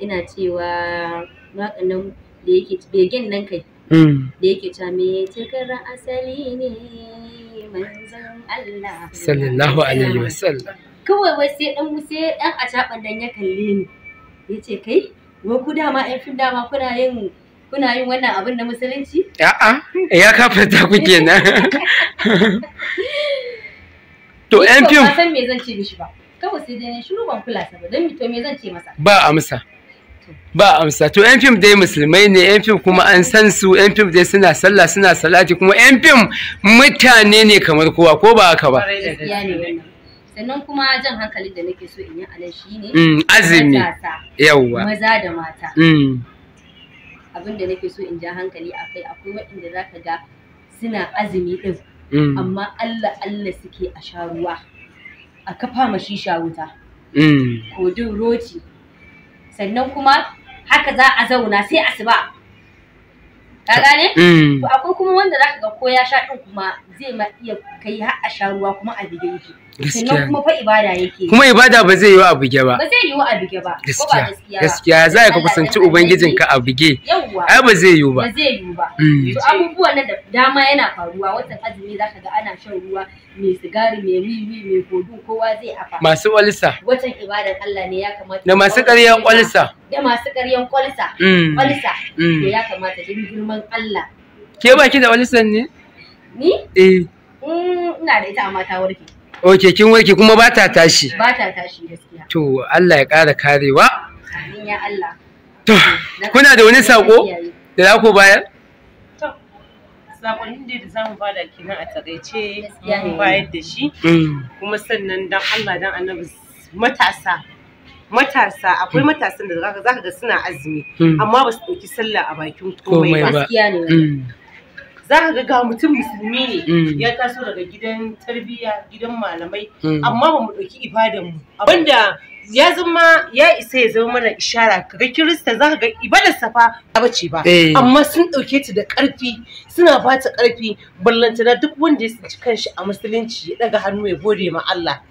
ina cewa waƙan nan da yake begen nan kai hmm. da yake cewa me takara asali ne manzon Allah sallallahu alaihi wasallam kawai wai sai dan sai dan a caban dan ya kalle ni yace kai wa ku dama ai fim dama kuna yin kuna yin wannan abin na musulunci a'a ya kafarta ku kenan to yan fim ba san me zan ce mishi ba kawai sai dai shiru ban kula sa ba dan to me zan ce masa ba amsa ba amsa to yan fim dai musulmai ne yan fim kuma an san su yan fim dai suna sallah suna salati kuma yan fim mutane ne kamar kowa ko ba haka ba sannan kuma jan hankali da nake so in yi alai shine mm, azumi yawwa maza da mata mm. abin da nake so in ja hankali akai akwai waɗanda zaka ga suna azumi din mm. amma Allah Allah suke a sha ruwa a kafa ma shisha wuta kodin roti sannan kuma haka za a zauna sai asuba ka gane mm. to akwai kuma wanda zaka ga ko ya sha din kuma zai ma iya kai har a sha ruwa kuma a bige yake sannan kuma fa ibada yake kuma ibada ba zai yi wa a bige ba ba zai yi wa a bige ba ko gaskiya gaskiya za ka kusanci ubangijin ka a bige ai ba zai yi ba ba zai yi ba mm. to abubuwan nan da dama yana faruwa watan azumi zaka ga ana shan ruwa mai sigari mai wiwi mai kodu kowa zai afa masu walsa watan ibadan Allah ne ya kamata na masu ƙarya walsa da masu karyan kwalsa mm. kwalsa mm. to ya kamata din girman Allah ke baki da kwalsan ne ni eh mm, ina da ita a mata warke Ok, kin warke kuma ba ta tashi. Ba ta tashi gaskiya. To, Allah ya ƙara karewa. Amin ya Allah. To, kuna da wani sako da za ku bayar? sakonin da za mu bada kenan a taƙaice, mun bayar da shi kuma sannan dan Allah dan annabi matasa matasa akwai hmm. matasan da zaka ga suna azumi hmm. amma basu su ɗauki sallah a bakin komai ba Zaka ka ga ga mutum musulmi ne mm. ya taso daga gidan tarbiyya gidan malamai mm. amma ba mu ɗauki ibadan mu abinda ya zama ya isa ya zama mana ishara kaga kirista za ka ga ibadar safa ba bace ba eh. amma sun ɗauke ta da ƙarfi suna ba ta ƙarfi ballantana duk wanda ya tsinci kanshi a musulunci ya ɗaga hannu ya gode ma Allah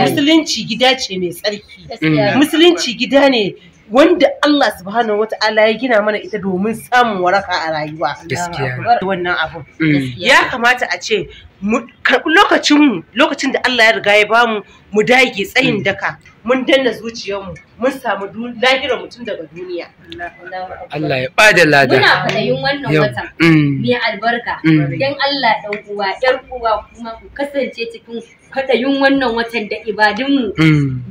musulunci gida ce mai tsarki musulunci gida ne wanda Allah subhanahu wata'ala ya gina mana ita domin samun waraka a rayuwa wannan abu. Mm. ya kamata a ce mu karɓi lokacinmu lokacin da Allah ya riga ya bamu mu dage tsayin mm. daka mun danna zuciyarmu mun samu lahirar mutum daga duniya Allah ya bada lada muna faɗayin wannan watan mm. mai albarka mm. dan Allah ɗan uwa ɗan uwa kuma ku kasance cikin faɗayin wannan watan da ibadunmu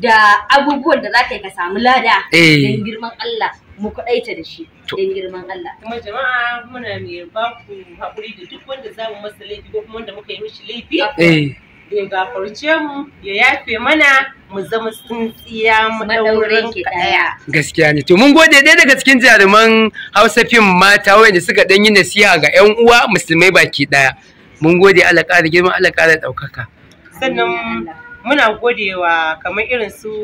da abubuwan da za ka yi ka samu lada eh. dan girman Allah mu kwaɗaita da shi don girman Allah. Kuma jama'a muna mai ba ku haƙuri da duk wanda za mu masa laifi ko kuma wanda muka yi mishi laifi. Eh. ya gafarce mu ya yafe mana mu zama tsintsiya mu ki daya gaskiya ne to mun gode ɗaya daga cikin jaruman Hausa fim mata wanda suka ɗan yi nasiha ga ƴan uwa musulmai baki daya mun gode Allah ƙara girma Allah ƙara ɗaukaka sannan muna godewa kamar irin su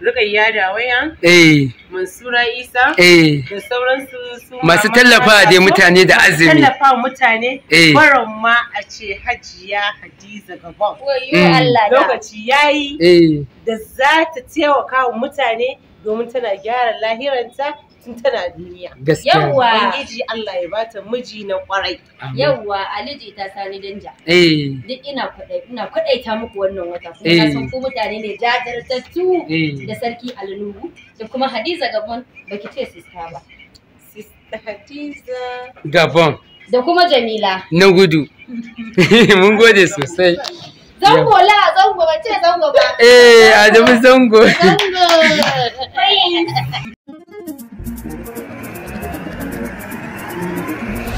Rukayya Dawaya, eh. Mansura Isa, eh. da sauransu su masu tallafa da mutane da azumi. tallafa mutane, eh. baron ma a ce hajiya Hadiza Gabon. Mm. Lokaci ya yi da za ta taimaka wa mutane domin tana gyara lahiranta tun tana duniya Yawwa. ubangiji Allah ya ta miji na kwarai Yawwa aliji ta sani danja eh duk ina kwadai ina ta muku wannan wata kuma eh. na san ku mutane ne jajirtattu eh. da sarki Alnubu da kuma hadiza gabon baki ce sista ba sista hadiza gabon da kuma jamila na gudu mun gode sosai Zango la zango ba ce zango ba. Eh, Adamu zango. Zango. Thank you.